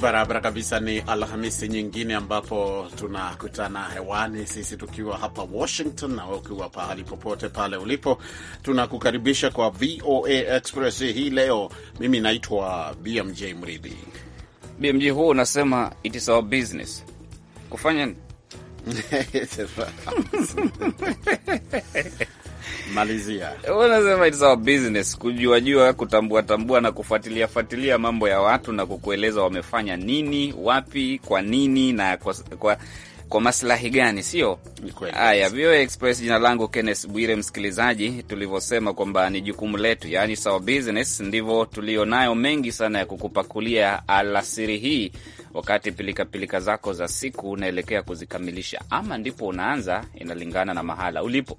Barabara kabisa. Ni Alhamisi nyingine ambapo tunakutana hewani sisi tukiwa hapa Washington na ukiwa pahali popote pale ulipo, tunakukaribisha kwa VOA Express hii leo. Mimi naitwa BMJ Mridhi. BMJ, huo unasema it is our business kufanya malizia. it's our business, kujuajua, kutambua tambua na kufuatilia fuatilia mambo ya watu na kukueleza wamefanya nini, wapi, kwa nini na kwa, kwa kwa maslahi gani, sio haya. VOA Express, jina langu Kenneth Bwire. Msikilizaji, tulivyosema kwamba ni jukumu letu, yaani sawa business, ndivyo tulionayo mengi sana ya kukupakulia alasiri hii, wakati pilikapilika pilika zako za siku unaelekea kuzikamilisha, ama ndipo unaanza, inalingana na mahala ulipo.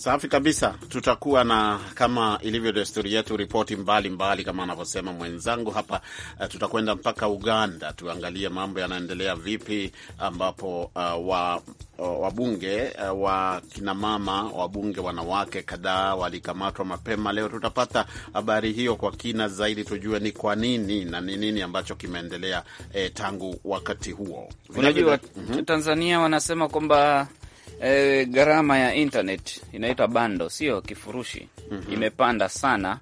Safi kabisa. Tutakuwa na kama ilivyo desturi yetu, ripoti mbalimbali kama anavyosema mwenzangu hapa. Eh, tutakwenda mpaka Uganda tuangalie mambo yanaendelea vipi, ambapo uh, wa eh, wabunge wa kinamama wabunge wanawake kadhaa walikamatwa mapema leo. Tutapata habari hiyo kwa kina zaidi, tujue ni kwa nini na ni nini ambacho kimeendelea eh, tangu wakati huo. Unajua, mhm. Tanzania wanasema kwamba e, gharama ya internet inaitwa bando, sio kifurushi mm -hmm. imepanda sana,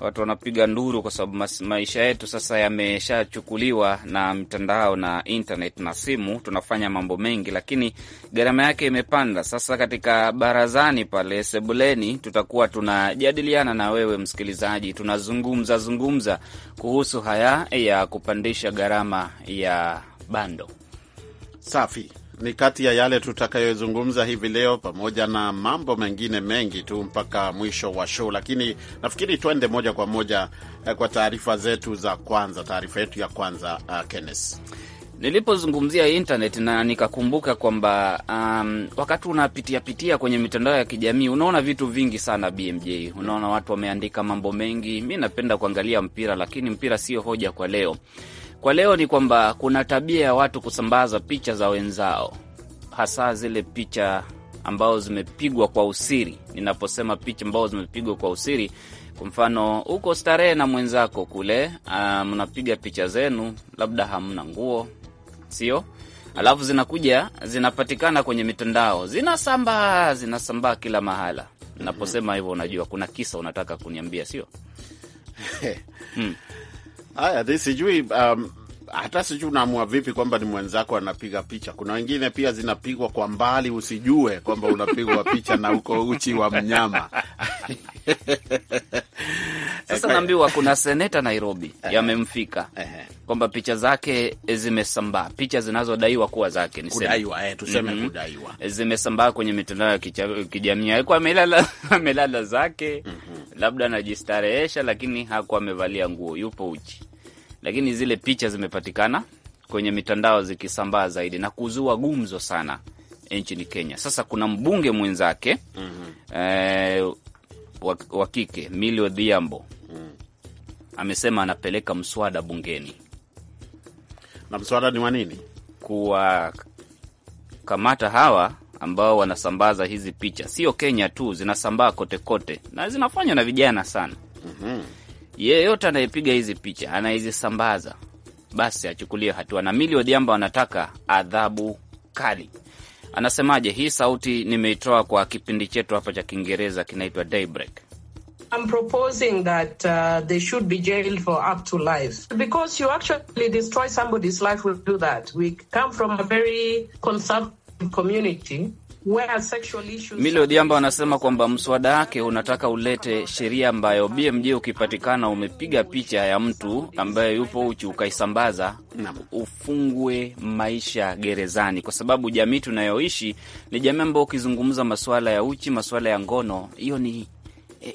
watu wanapiga nduru kwa sababu maisha yetu sasa yameshachukuliwa na mtandao na internet na simu, tunafanya mambo mengi, lakini gharama yake imepanda. Sasa katika barazani pale sebuleni, tutakuwa tunajadiliana na wewe msikilizaji, tunazungumza zungumza kuhusu haya ya kupandisha gharama ya bando. Safi ni kati ya yale tutakayozungumza hivi leo, pamoja na mambo mengine mengi tu mpaka mwisho wa show, lakini nafikiri twende moja kwa moja eh, kwa taarifa zetu za kwanza. Taarifa yetu ya kwanza uh, Kenneth Nilipozungumzia internet na nikakumbuka kwamba um, wakati unapitia pitia kwenye mitandao ya kijamii unaona vitu vingi sana BMJ, unaona watu wameandika mambo mengi. Mi napenda kuangalia mpira, lakini mpira sio hoja kwa leo kwa leo ni kwamba kuna tabia ya watu kusambaza picha za wenzao, hasa zile picha ambazo zimepigwa kwa usiri. Ninaposema picha ambazo zimepigwa kwa usiri, kwa mfano uko starehe na mwenzako kule, um, mnapiga um, picha zenu, labda hamna nguo, sio? Alafu zinakuja zinapatikana kwenye mitandao, zinasambaa zinasambaa kila mahala. Naposema hivyo, unajua kuna kisa unataka kuniambia, sio? hmm. Haya, sijui um, hata sijui unaamua vipi kwamba ni mwenzako anapiga picha. Kuna wengine pia zinapigwa kwa mbali, usijue kwamba unapigwa picha na uko uchi wa mnyama Sasa naambiwa kuna seneta Nairobi yamemfika kwamba picha zake zimesambaa, picha zinazodaiwa kuwa zake ni kudaiwa, eh, tuseme mm -hmm. zimesambaa kwenye mitandao ya kijamii. Alikuwa amelala amelala zake mm -hmm. labda anajistarehesha, lakini hakuwa amevalia nguo, yupo uchi lakini zile picha zimepatikana kwenye mitandao zikisambaa zaidi na kuzua gumzo sana nchini Kenya. Sasa kuna mbunge mwenzake mm -hmm. eh, wa kike Millie Odhiambo mm. amesema anapeleka mswada bungeni, na mswada ni wa nini? Kuwakamata hawa ambao wanasambaza hizi picha, sio Kenya tu, zinasambaa kotekote na zinafanywa na vijana sana mm -hmm yeyote anayepiga hizi picha anayezisambaza, basi achukulie hatua. Na Mili Odhiambo anataka adhabu kali. Anasemaje? Hii sauti nimeitoa kwa kipindi chetu hapa cha Kiingereza kinaitwa Daybreak. I'm proposing that uh, they should be jailed for up to life because you actually destroy somebody's life will do that. We come from a very conservative community Milo Diamba anasema kwamba mswada wake unataka ulete sheria ambayo BMJ ukipatikana umepiga picha ya mtu ambaye yupo uchi ukaisambaza, ufungwe maisha gerezani, kwa sababu jamii tunayoishi ni jamii ambayo ukizungumza masuala ya uchi, masuala ya ngono, hiyo ni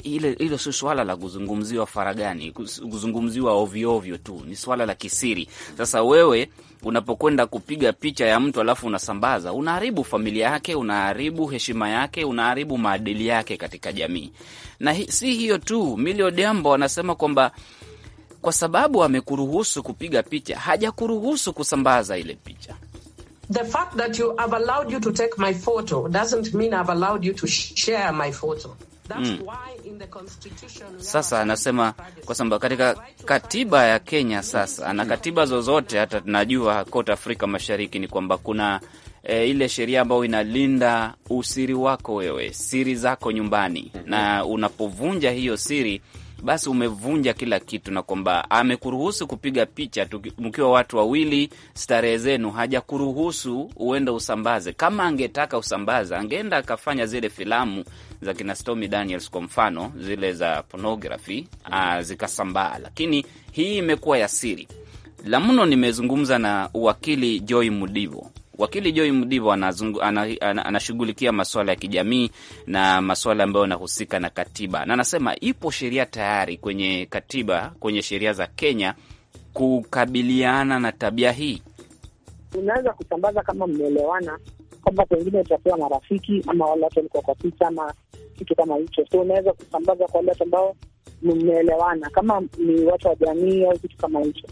ile hilo sio swala la kuzungumziwa faragani, kuzungumziwa ovyoovyo tu, ni swala la kisiri. Sasa wewe unapokwenda kupiga picha ya mtu alafu unasambaza, unaharibu familia yake, unaharibu heshima yake, unaharibu maadili yake katika jamii. Na hi, si hiyo tu, Millie Odhiambo anasema kwamba kwa sababu amekuruhusu kupiga picha, hajakuruhusu kusambaza ile picha. The fact that you have allowed you to take my photo doesn't mean I've allowed you to share my photo. Mm. Sasa anasema kwa sababu katika katiba ya Kenya sasa na katiba zozote hata tunajua kote Afrika Mashariki ni kwamba kuna e, ile sheria ambayo inalinda usiri wako wewe, siri zako nyumbani, mhm. na unapovunja hiyo siri basi umevunja kila kitu, na kwamba amekuruhusu kupiga picha mkiwa watu wawili, starehe zenu, hajakuruhusu uende usambaze. Kama angetaka usambaza, angeenda akafanya zile filamu za kina Stormy Daniels kwa mfano, zile za pornography mm. ah, zikasambaa, lakini hii imekuwa ya siri. La mno, nimezungumza na uwakili Joy Mudivo Wakili Joy mdivo anashughulikia ana, ana maswala ya kijamii na maswala ambayo yanahusika na katiba, na anasema ipo sheria tayari kwenye katiba, kwenye sheria za Kenya kukabiliana na tabia hii. Unaweza kusambaza kama mmeelewana kwamba pengine utapewa marafiki ama wale watu walikuwa kwa picha ama kitu kama hicho, so unaweza kusambaza kwa wale watu ambao mmeelewana, kama ni watu wa jamii au kitu kama hicho.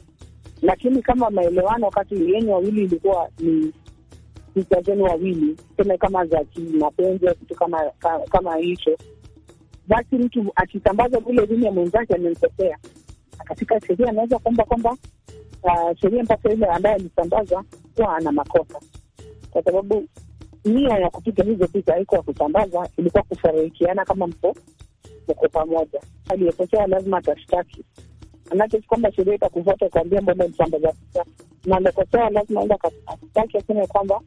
Lakini kama maelewano wakati yenye wawili ilikuwa ni vijana wawili, tuseme kama za kimapenzi au kitu kama kama hicho, basi mtu akisambaza vile vile mwenzake amemtokea katika sheria, anaweza kuomba kwamba uh, sheria mpaka ile ambaye alisambaza kuwa ana makosa, kwa sababu nia ya kupiga hizo picha haikuwa kusambaza, ilikuwa kushirikiana kama mko mko pamoja. Aliyekosea lazima atashtaki, manake si kwamba sheria itakufuata kuambia mbona ulisambaza picha, na amekosea, lazima enda akashtaki aseme kwamba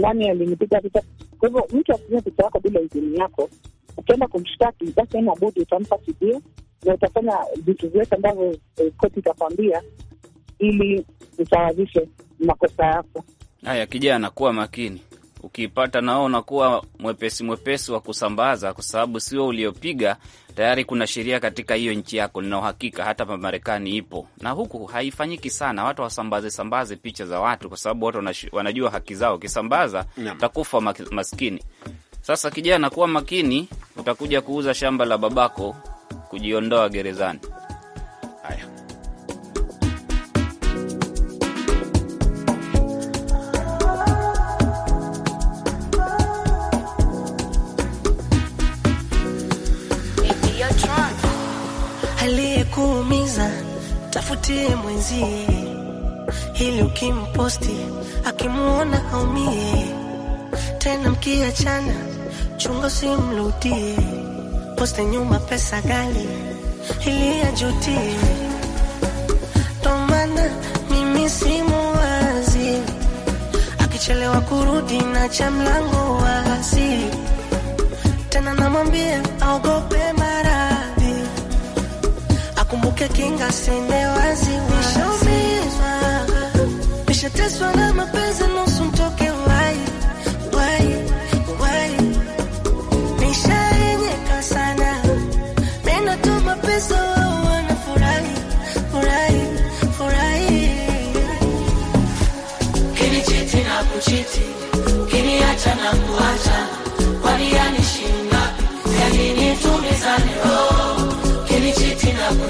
fulani alinipiga picha. Kwa hivyo mtu akitumia picha yako bila idhini yako, ukienda kumshtaki, basi ana budi utampa kibio na utafanya vitu vyote ambavyo eh, koti itakwambia ili usawazishe makosa yako. Haya kijana, kuwa makini ukiipata nao unakuwa mwepesi mwepesi wa kusambaza, kwa sababu sio uliopiga tayari. Kuna sheria katika hiyo nchi yako, nina uhakika hata pa Marekani ipo, na huku haifanyiki sana watu wasambaze sambaze picha za watu, kwa sababu watu wanajua haki zao. Ukisambaza utakufa maskini. Sasa kijana, kuwa makini, utakuja kuuza shamba la babako, kujiondoa gerezani. Haya. Mtafutie mwenzie ili ukimposti akimwona aumie tena. Mkiachana chunga simrudie, poste nyuma pesa gali ili ajutie. Tomana mimi simuwazi, akichelewa kurudi na cha mlango wazi, tena namwambia aogope Kumbuke kinga sine wazi, nishaumizwa, nishateswa na mapenzi nusu mtoke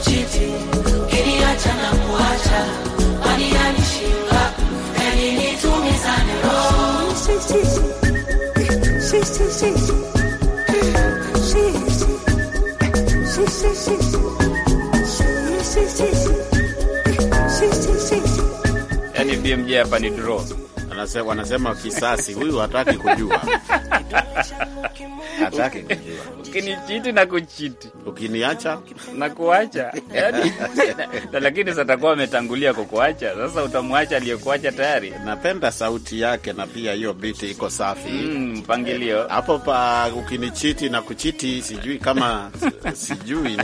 kumchiti yani BMJ hapa ni draw wanasema kisasi huyu hataki kujua hataki kujua Ukinichiti na kuchiti, ukiniacha na kuacha yani, na, lakini satakuwa ametangulia kukuacha. Sasa utamwacha aliyekuacha tayari. Napenda sauti yake na pia hiyo biti iko safi mm, mpangilio mm, hapo pa ukinichiti na kuchiti, sijui kama sijui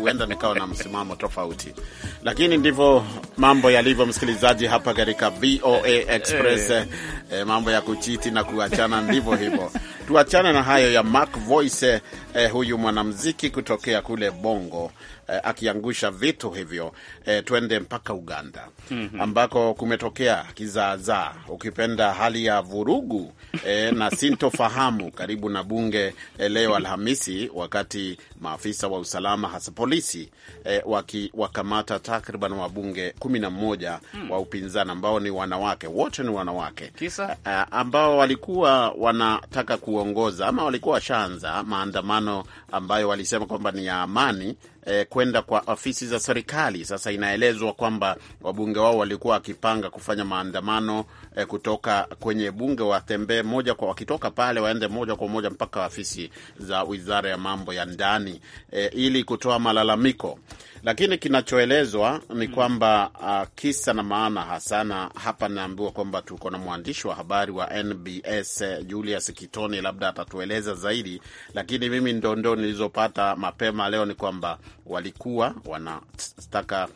huenda ni, ni, nikawa na msimamo tofauti, lakini ndivyo mambo yalivyo, msikilizaji, hapa katika VOA Express eh. eh, mambo ya kuchiti na kuachana ndivyo hivyo Tuachane na hayo ya mac Voice eh, eh, huyu mwanamziki kutokea kule Bongo eh, akiangusha vitu hivyo eh, twende mpaka Uganda mm -hmm. ambako kumetokea kizaazaa, ukipenda hali ya vurugu eh, na sintofahamu karibu na bunge eh, leo Alhamisi, wakati maafisa wa usalama hasa polisi eh, wakiwakamata takriban wabunge kumi na mmoja mm. wa upinzani ambao ni wanawake, wote ni wanawake Kisa? Eh, ambao walikuwa wanataka kuongoza ama walikuwa washaanza maandamano maandamano ambayo walisema kwamba ni ya amani eh, kwenda kwa ofisi za serikali. Sasa inaelezwa kwamba wabunge wao walikuwa wakipanga kufanya maandamano eh, kutoka kwenye bunge watembee moja kwa, wakitoka pale waende moja kwa moja mpaka ofisi za wizara ya mambo ya ndani eh, ili kutoa malalamiko, lakini kinachoelezwa ni hmm. kwamba uh, kisa na maana hasa, na hapa naambiwa kwamba tuko na mwandishi wa habari wa NBS eh, Julius Kitoni, labda atatueleza zaidi, lakini mimi ndondo nilizopata mapema leo ni kwamba walikuwa wanataka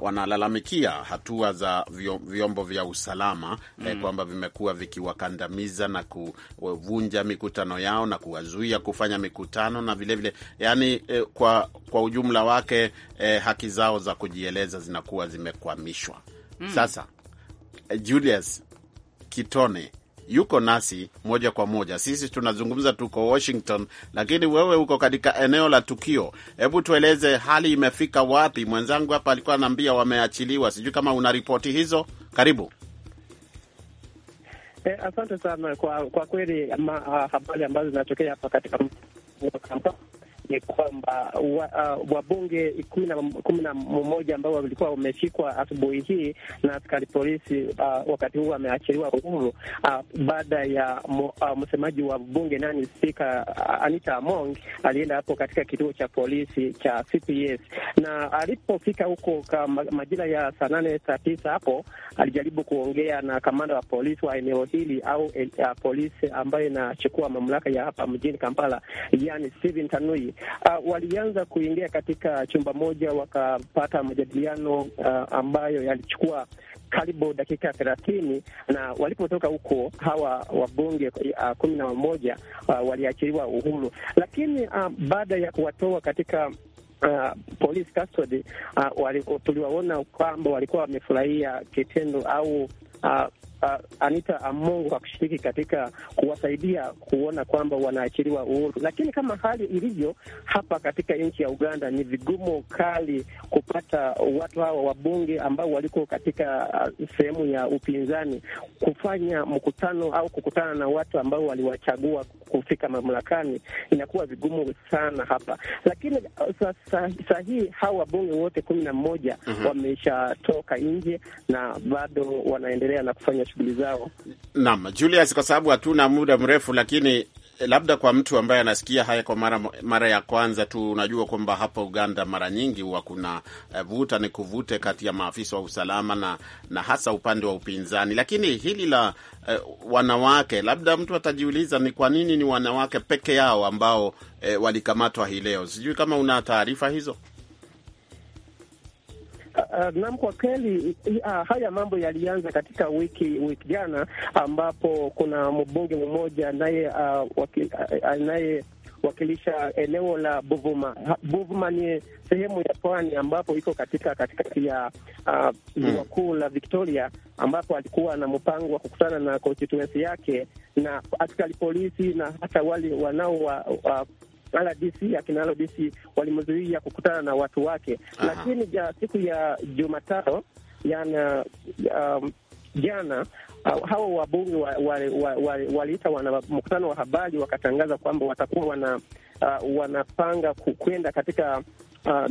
wanalalamikia wana hatua za vyombo vya usalama eh, mm, eh, kwamba vimekuwa vikiwakandamiza na kuvunja mikutano yao na kuwazuia kufanya mikutano na vilevile vile, yani eh, kwa, kwa ujumla wake eh, haki zao za kujieleza zinakuwa zimekwamishwa mm. Sasa eh, Julius Kitone yuko nasi moja kwa moja. Sisi tunazungumza, tuko Washington, lakini wewe uko katika eneo la tukio. Hebu tueleze hali imefika wapi? Mwenzangu hapa alikuwa anaambia wameachiliwa, sijui kama una ripoti hizo. Karibu. Eh, asante sana kwa, kwa kweli ah, habari ambazo zinatokea hapa katika ni kwamba uh, wabunge uh, kumi na kumi na mmoja ambao walikuwa wameshikwa asubuhi hii na askari polisi uh, wakati huu wameachiliwa uhuru uh, baada ya uh, msemaji wa bunge nani spika uh, Anita Among alienda hapo katika kituo cha polisi cha CPS na alipofika huko majira ya saa nane saa tisa hapo alijaribu kuongea na kamanda wa polisi wa eneo hili au uh, polisi ambayo inachukua mamlaka ya hapa mjini Kampala, yani Steven Tanui uh, walianza kuingia katika chumba moja wakapata majadiliano uh, ambayo yalichukua karibu dakika thelathini na walipotoka huko hawa wabunge uh, kumi na moja uh, waliachiliwa uhuru, lakini uh, baada ya kuwatoa katika Uh, police custody uh, tuliwaona kwamba walikuwa wamefurahia kitendo au uh, uh, Anita Amongo kwa kushiriki katika kuwasaidia kuona kwamba wanaachiriwa uhuru, lakini kama hali ilivyo hapa katika nchi ya Uganda ni vigumu kali kupata watu hawa wabunge ambao waliko katika uh, sehemu ya upinzani kufanya mkutano au kukutana na watu ambao waliwachagua kufika mamlakani, inakuwa vigumu sana hapa. Lakini uh, sa, hii hawa wabunge wote kumi na mmoja mm -hmm. wameshatoka nje na bado wanaendelea na kufanya shughuli zao. Naam, Julius, kwa sababu hatuna muda mrefu, lakini eh, labda kwa mtu ambaye anasikia haya kwa mara, mara ya kwanza tu, unajua kwamba hapa Uganda mara nyingi huwa kuna eh, vuta ni kuvute kati ya maafisa wa usalama na, na hasa upande wa upinzani. Lakini hili la eh, wanawake, labda mtu atajiuliza ni kwa nini ni wanawake peke yao ambao eh, walikamatwa hii leo. Sijui kama una taarifa hizo nam uh, naam, kwa kweli uh, haya mambo yalianza katika wiki wiki jana, ambapo kuna mbunge mmoja naye uh, uh, anaye uh, wakilisha eneo la Buvuma. Buvuma ni sehemu ya pwani ambapo iko katika katikati ya ziwa uh, kuu la Victoria, ambapo alikuwa na mpango wa kukutana na constituency yake na askari polisi na hata wale wanao wala DC akinalo DC walimzuia kukutana na watu wake. Aha. Lakini ja, siku ya Jumatano yana um, jana uh, hawa wabunge waliita wa, wa, wa, wa wana mkutano wa habari wakatangaza kwamba watakuwa wana, uh, wanapanga kwenda katika uh,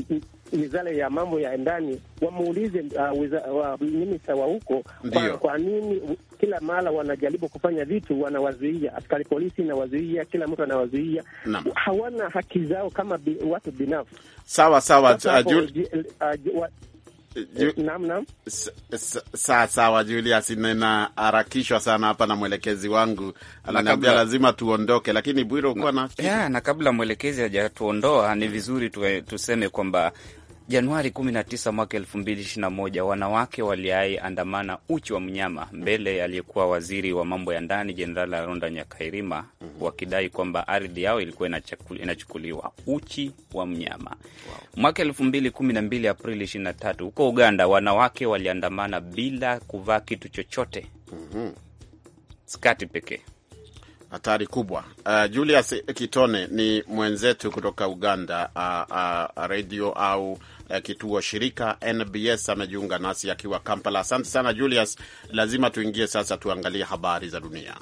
wizara ya mambo ya ndani wamuulize uh, wa uh, minista wa huko kwa, kwa nini kila mara wanajaribu kufanya vitu, wanawazuia askari polisi, nawazuia kila mtu anawazuia, hawana haki zao kama bi, watu binafsi. Sawa sawa. Sawa sawa, Julius, ninaharakishwa sana hapa na mwelekezi wangu ananiambia lazima tuondoke, lakini Bwiro ukuwa na na kabla mwelekezi hajatuondoa ni vizuri tuseme kwamba Januari 19 mwaka 2021 wanawake andamana uchi wa mnyama mbele aliyekuwa waziri wa mambo ya ndani Jenerali Aronda Nyakairima wakidai kwamba ardhi yao ilikuwa inachukuliwa uchi wa mnyama Mwaka 2012 Aprili 23 huko Uganda wanawake waliandamana bila kuvaa kitu chochote mhm. skati pekee. Hatari kubwa. Uh, Julius Kitone ni mwenzetu kutoka Uganda. Uh, uh, radio au Eh, kituo shirika NBS amejiunga nasi akiwa Kampala. Asante sana Julius, lazima tuingie sasa, tuangalie habari za dunia.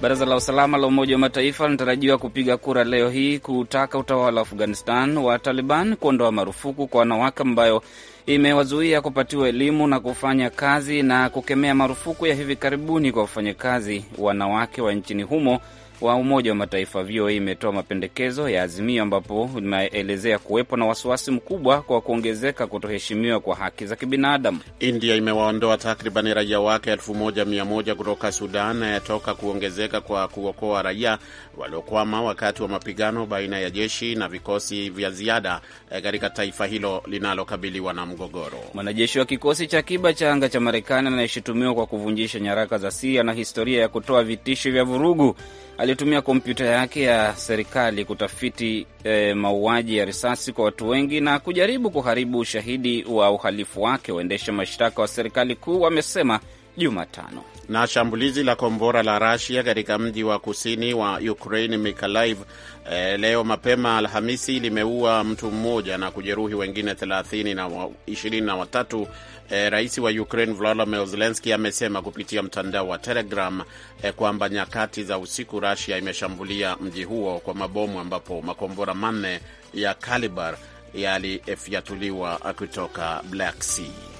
Baraza la usalama la Umoja wa Mataifa linatarajiwa kupiga kura leo hii kutaka utawala wa Afghanistan wa Taliban kuondoa marufuku kwa wanawake ambayo imewazuia kupatiwa elimu na kufanya kazi na kukemea marufuku ya hivi karibuni kwa wafanyakazi wanawake wa nchini humo wa Umoja wa Mataifa. VOA imetoa mapendekezo ya azimio ambapo imeelezea kuwepo na wasiwasi mkubwa kwa kuongezeka kutoheshimiwa kwa haki za kibinadamu. India imewaondoa takriban raia wake 1100 kutoka Sudan toka kuongezeka kwa kuokoa raia waliokwama wakati wa mapigano baina ya jeshi na vikosi vya ziada eh, katika taifa hilo linalokabiliwa na mgogoro. Mwanajeshi wa kikosi cha akiba cha anga cha Marekani anayeshutumiwa kwa kuvunjisha nyaraka za siri na historia ya kutoa vitisho vya vurugu Ali alitumia kompyuta yake ya serikali kutafiti e, mauaji ya risasi kwa watu wengi na kujaribu kuharibu ushahidi wa uhalifu wake. Waendesha mashtaka wa serikali kuu wamesema Jumatano. Na shambulizi la kombora la Rasia katika mji wa kusini wa Ukraine Mikalaiv eh, leo mapema Alhamisi limeua mtu mmoja na kujeruhi wengine 30 na 23. Eh, rais wa Ukraine Volodymyr zelenski amesema kupitia mtandao wa Telegram eh, kwamba nyakati za usiku Rasia imeshambulia mji huo kwa mabomu ambapo makombora manne ya kalibar yalifyatuliwa kutoka Black Sea.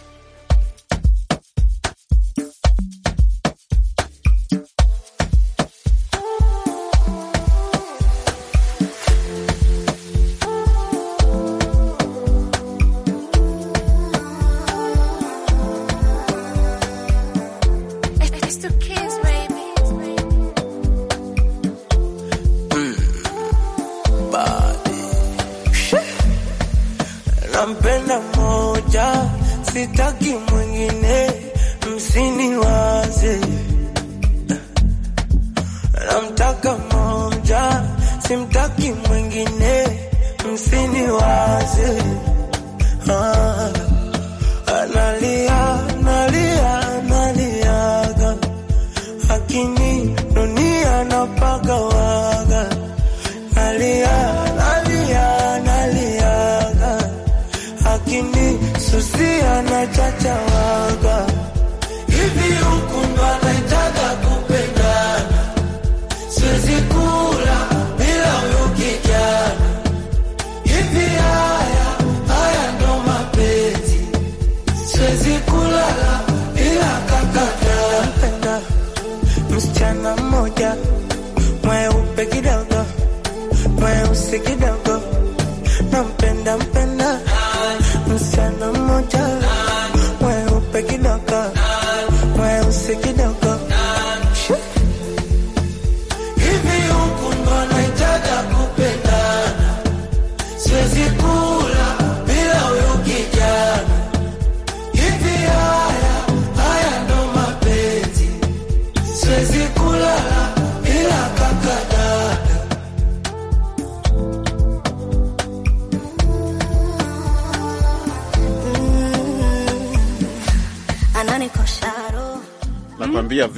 sitaki mwingine, waze namtaka moja simtaki msichana mmoja mweupe kidogo, mweusi kidogo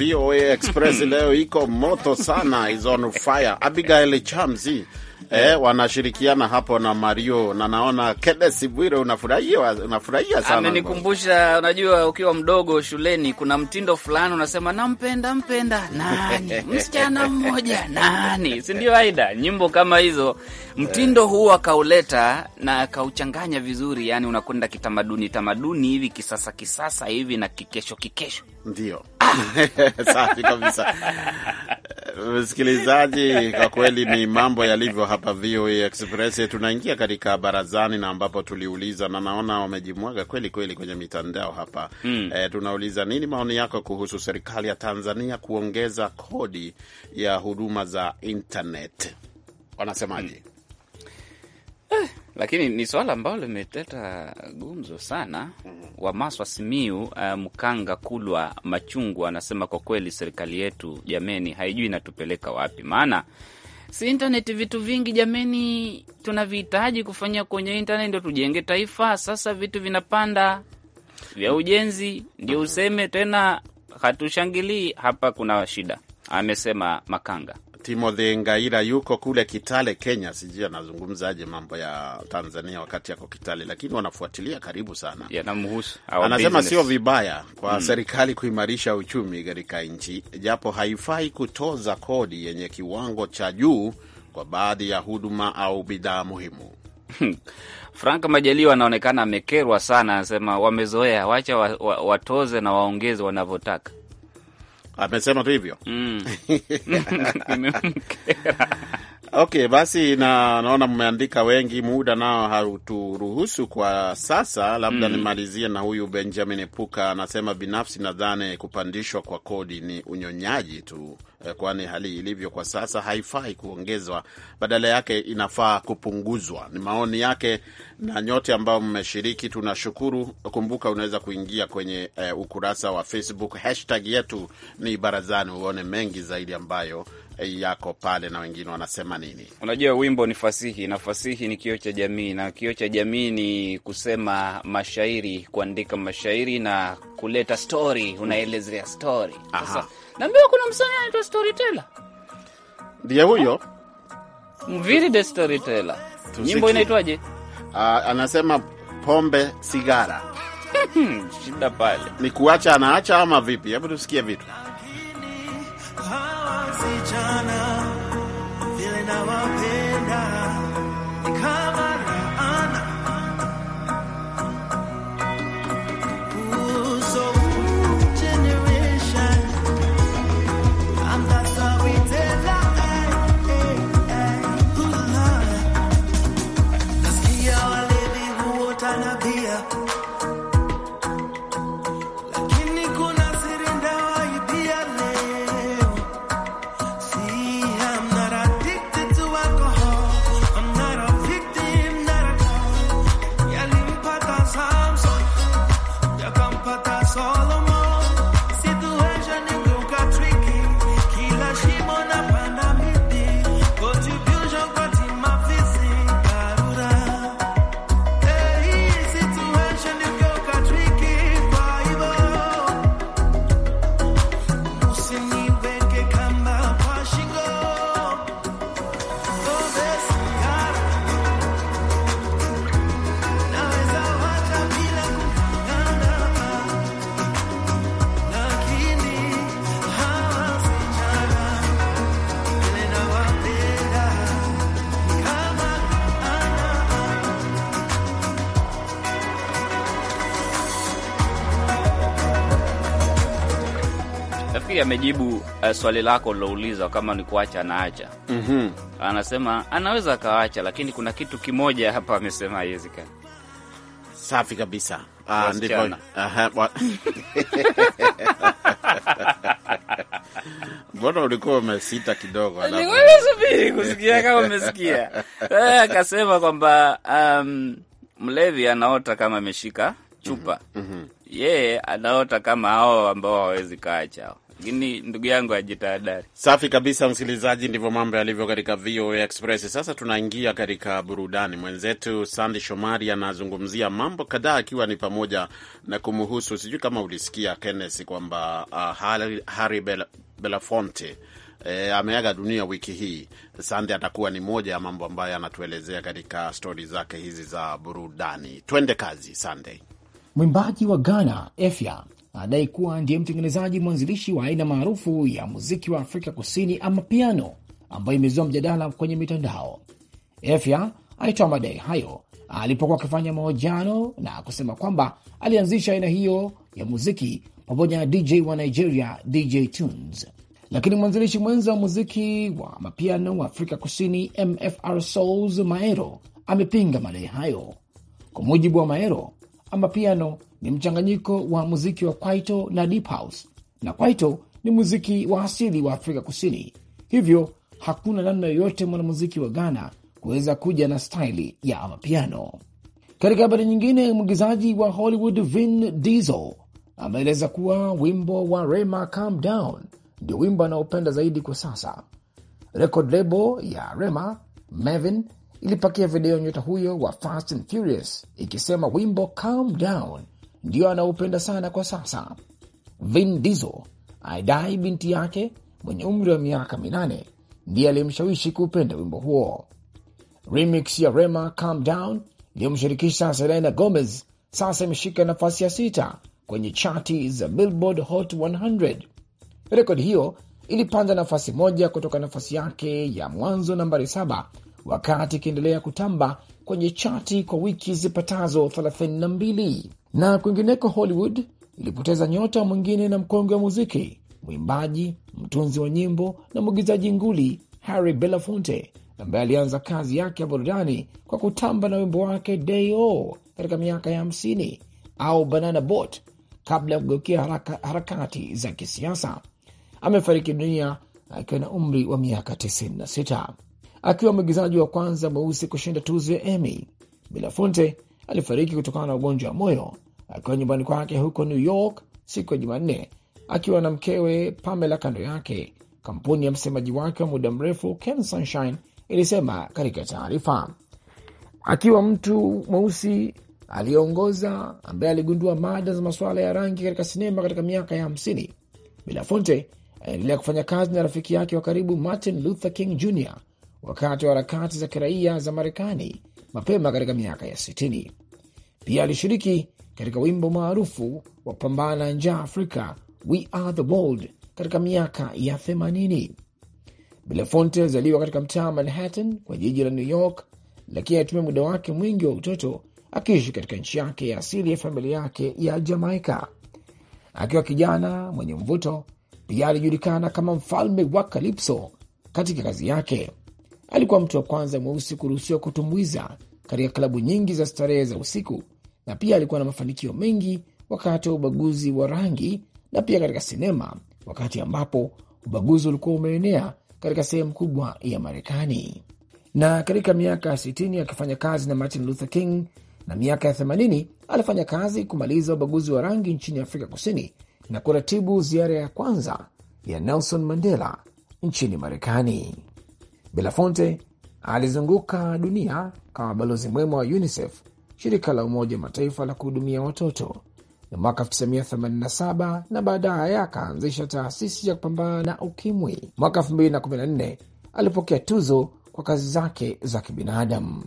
VOA Express leo iko moto sana, is on fire. Abigail Chamzi eh, wanashirikiana hapo na Mario na naona Kedesi Bwire unafurahia, unafurahia sana. Amenikumbusha, unajua ukiwa mdogo shuleni kuna mtindo fulani unasema nampenda mpenda nani msichana mmoja nani, si ndio? Aida, nyimbo kama hizo mtindo eh. huu akauleta na akauchanganya vizuri, yani unakwenda kitamaduni tamaduni hivi kisasa kisasa hivi na kikesho kikesho, ndio ah. safi kabisa Msikilizaji, kwa kweli ni mambo yalivyo hapa VOA Express. Tunaingia katika barazani na ambapo tuliuliza, na naona wamejimwaga kweli kweli kwenye mitandao hapa mm. E, tunauliza nini maoni yako kuhusu serikali ya Tanzania kuongeza kodi ya huduma za internet, wanasemaje? mm lakini ni swala ambalo limeteta gumzo sana. Wamaswa Simiu uh, eh, Mkanga Kulwa Machungwa anasema kwa kweli serikali yetu jameni, haijui inatupeleka wapi, maana si intaneti vitu vingi jameni, tunavihitaji kufanyia kwenye intaneti ndo tujenge taifa. Sasa vitu vinapanda vya ujenzi, ndio useme tena hatushangilii hapa, kuna shida, amesema Makanga. Timothy Ngaira yuko kule Kitale, Kenya. Sijui anazungumzaje mambo ya Tanzania wakati yako Kitale, lakini wanafuatilia karibu sana. Yeah, anasema sio vibaya kwa mm, serikali kuimarisha uchumi katika nchi, japo haifai kutoza kodi yenye kiwango cha juu kwa baadhi ya huduma au bidhaa muhimu. Hmm. Frank Majalio anaonekana amekerwa sana, anasema wamezoea, wacha watoze na waongeze wanavyotaka amesema tu hivyo mm. Okay, basi na, naona mmeandika wengi, muda nao hauturuhusu kwa sasa, labda mm. nimalizie na huyu Benjamin Puka anasema, binafsi nadhani kupandishwa kwa kodi ni unyonyaji tu Eh, kwani hali ilivyo kwa sasa haifai kuongezwa, badala yake inafaa kupunguzwa. Ni maoni yake, na nyote ambao mmeshiriki tunashukuru. Kumbuka unaweza kuingia kwenye uh, ukurasa wa Facebook, hashtag yetu ni barazani, uone mengi zaidi ambayo eh, yako pale na wengine wanasema nini. Unajua, wimbo ni fasihi na fasihi ni kioo cha jamii, na kioo cha jamii ni kusema mashairi, kuandika mashairi na kuleta stori, unaelezea stori. Sasa Naambiwa kuna msanii anaitwa Storyteller, ndiye huyo Mviri the Storyteller. Nyimbo inaitwaje? Uh, anasema pombe sigara hmm, shida pale ni kuacha, anaacha ama vipi? Hebu tusikie vitu amejibu uh, swali lako lilouliza kama ni kuacha anaacha. mm -hmm. Anasema anaweza akawacha, lakini kuna kitu kimoja hapa amesema haiwezekani. Safi kabisa. Ah, mbona ulikuwa umesita kidogo, subiri kusikia kama umesikia. Eh, akasema kwamba um, mlevi anaota kama ameshika mhm, chupa. mm -hmm. Yeye yeah, anaota kama hao ambao hawawezi kaacha lakini ndugu yangu ajitahadari. Safi kabisa, msikilizaji, ndivyo mambo yalivyo katika VOA Express. Sasa tunaingia katika burudani. Mwenzetu Sandi Shomari anazungumzia mambo kadhaa, akiwa ni pamoja na kumhusu, sijui kama ulisikia Kennes, kwamba uh, Harry Belafonte E, ameaga dunia wiki hii. Sande atakuwa ni moja ya mambo ambayo anatuelezea katika stori zake hizi za burudani. Twende kazi, Sande. Mwimbaji wa Ghana Efya anadai kuwa ndiye mtengenezaji mwanzilishi wa aina maarufu ya muziki wa Afrika Kusini ama piano, ambayo imezua mjadala kwenye mitandao. Efya alitoa madai hayo alipokuwa akifanya mahojiano na kusema kwamba alianzisha aina hiyo ya muziki pamoja na DJ wa Nigeria, DJ Tunes. Lakini mwanzilishi mwenza wa muziki wa mapiano wa Afrika Kusini, MFR Souls Maero, amepinga madai hayo. Kwa mujibu wa Maero, amapiano ni mchanganyiko wa muziki wa kwaito na deep house, na kwaito ni muziki wa asili wa Afrika Kusini, hivyo hakuna namna yoyote mwanamuziki wa Ghana kuweza kuja na staili ya amapiano. Katika habari nyingine, mwigizaji wa Hollywood Vin Diesel ameeleza kuwa wimbo wa Rema Calm Down ndio wimbo anaopenda zaidi kwa sasa. Record label ya Rema, Mavin, ilipakia video nyota huyo wa Fast and Furious ikisema wimbo Calm Down ndiyo anaupenda sana kwa sasa. Vin Diesel aidai binti yake mwenye umri wa miaka minane ndiye aliyemshawishi kuupenda wimbo huo. Remix ya Rema Calm Down iliyomshirikisha Selena Gomez sasa imeshika nafasi ya sita kwenye chati za Billboard Hot 100. Rekodi hiyo ilipanda nafasi moja kutoka nafasi yake ya mwanzo nambari saba, wakati ikiendelea kutamba kwenye chati kwa wiki zipatazo 32. Na kwingineko, Hollywood ilipoteza nyota mwingine na mkongwe wa muziki, mwimbaji, mtunzi wa nyimbo na mwigizaji nguli Harry Belafonte ambaye alianza kazi yake ya burudani kwa kutamba na wimbo wake Day O katika miaka ya hamsini au Banana Boat kabla ya kugeukia haraka, harakati za kisiasa. Amefariki dunia akiwa na umri wa miaka 96, akiwa mwigizaji wa kwanza mweusi kushinda tuzo ya Emmy. Belafonte alifariki kutokana na ugonjwa wa moyo akiwa nyumbani kwake huko New York siku ya Jumanne akiwa na mkewe Pamela kando yake, kampuni ya msemaji wake wa muda mrefu Ken Sunshine ilisema katika taarifa. Akiwa mtu mweusi aliyeongoza ambaye aligundua mada za masuala ya rangi katika sinema katika miaka ya hamsini. Belafonte aliendelea kufanya kazi na rafiki yake wa karibu Martin Luther King Jr wakati wa harakati za kiraia za Marekani mapema katika miaka ya 60. Pia alishiriki katika wimbo maarufu wa pambana na njaa Afrika, We Are The World, katika miaka ya 80. Belafonte alizaliwa katika mtaa Manhattan kwa jiji la New York, lakini alitumia muda wake mwingi wa utoto akiishi katika nchi yake ya asili ya familia yake ya Jamaika. Akiwa kijana mwenye mvuto, pia alijulikana kama mfalme wa kalipso. Katika kazi yake, alikuwa mtu wa kwanza mweusi kuruhusiwa kutumbuiza katika klabu nyingi za starehe za usiku na pia alikuwa na mafanikio mengi wakati wa ubaguzi wa rangi na pia katika sinema, wakati ambapo ubaguzi ulikuwa umeenea katika sehemu kubwa ya Marekani. Na katika miaka ya 60 akifanya kazi na Martin Luther King na miaka ya 80 alifanya kazi kumaliza ubaguzi wa rangi nchini Afrika Kusini na kuratibu ziara ya kwanza ya Nelson Mandela nchini Marekani. Belafonte alizunguka dunia kama balozi mwema wa UNICEF shirika la Umoja Mataifa la kuhudumia watoto na mwaka 1987 na baadaye akaanzisha taasisi ya kupambana na ukimwi. Mwaka 2014 alipokea tuzo kwa kazi zake za kibinadamu.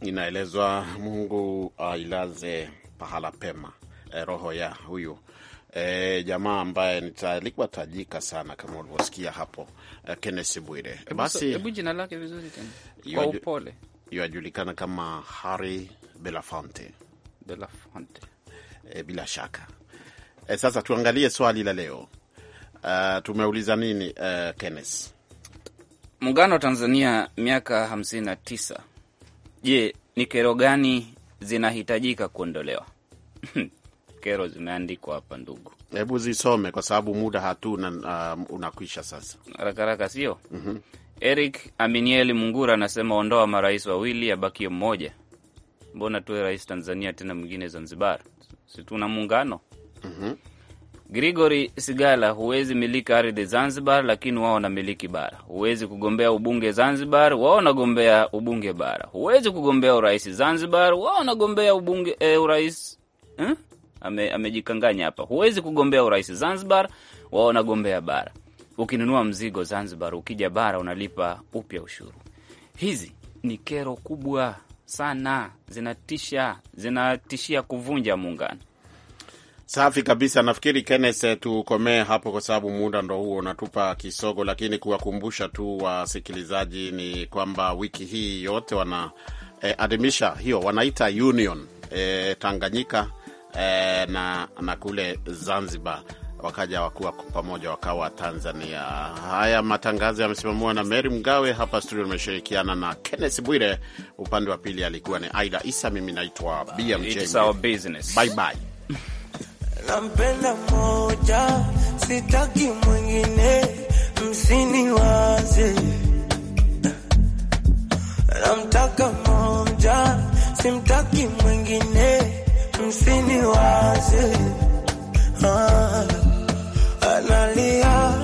Inaelezwa Mungu ailaze pahala pema e, roho ya huyu e, jamaa ambaye alikuwa tajika sana kama ulivyosikia hapo e, Kenneth Bwire. Basi hebu jina lake vizuri tena kwa upole, yajulikana kama Hari Belafonte, Belafonte. E, eh, bila shaka e, sasa tuangalie swali la leo. Uh, tumeuliza nini uh, Kenneth? Muungano wa Tanzania miaka 59, je, ni kero gani zinahitajika kuondolewa? Kero zimeandikwa hapa ndugu, hebu zisome kwa sababu muda hatuna, uh, unakwisha sasa, haraka haraka, sio? mm -hmm. Eric Aminieli Mungura anasema ondoa marais wawili, abakie mmoja mbona tuwe rais Tanzania tena mwingine Zanzibar? Situna muungano mm -hmm. Grigori Sigala, huwezi miliki ardhi Zanzibar, lakini wao wanamiliki bara. Huwezi kugombea ubunge Zanzibar, wao wanagombea ubunge bara. Huwezi kugombea urais Zanzibar, wao wanagombea ubunge eh, urais hmm? Ame, amejikanganya hapa. Huwezi kugombea urais Zanzibar, wao wanagombea bara. Ukinunua mzigo Zanzibar, ukija bara unalipa upya ushuru. Hizi ni kero kubwa sana, zinatisha, zinatishia kuvunja muungano. Safi kabisa. Nafikiri kennes eh, tukomee hapo kwa sababu muda ndo huo unatupa kisogo, lakini kuwakumbusha tu wasikilizaji ni kwamba wiki hii yote wana eh, hiyo wanaita union eh, Tanganyika eh, na, na kule Zanzibar wakaja wakuwa pamoja wakawa Tanzania. Haya matangazo yamesimamiwa na Meri Mgawe. Hapa studio nimeshirikiana na Kenneth Bwire, upande wa pili alikuwa ni Aida Isa, mimi naitwa BMJ. Bye bye. Nampenda moja, sitaki mwingine, msiniwaze. Namtaka moja, simtaki mwingine, msiniwaze. Ah. analia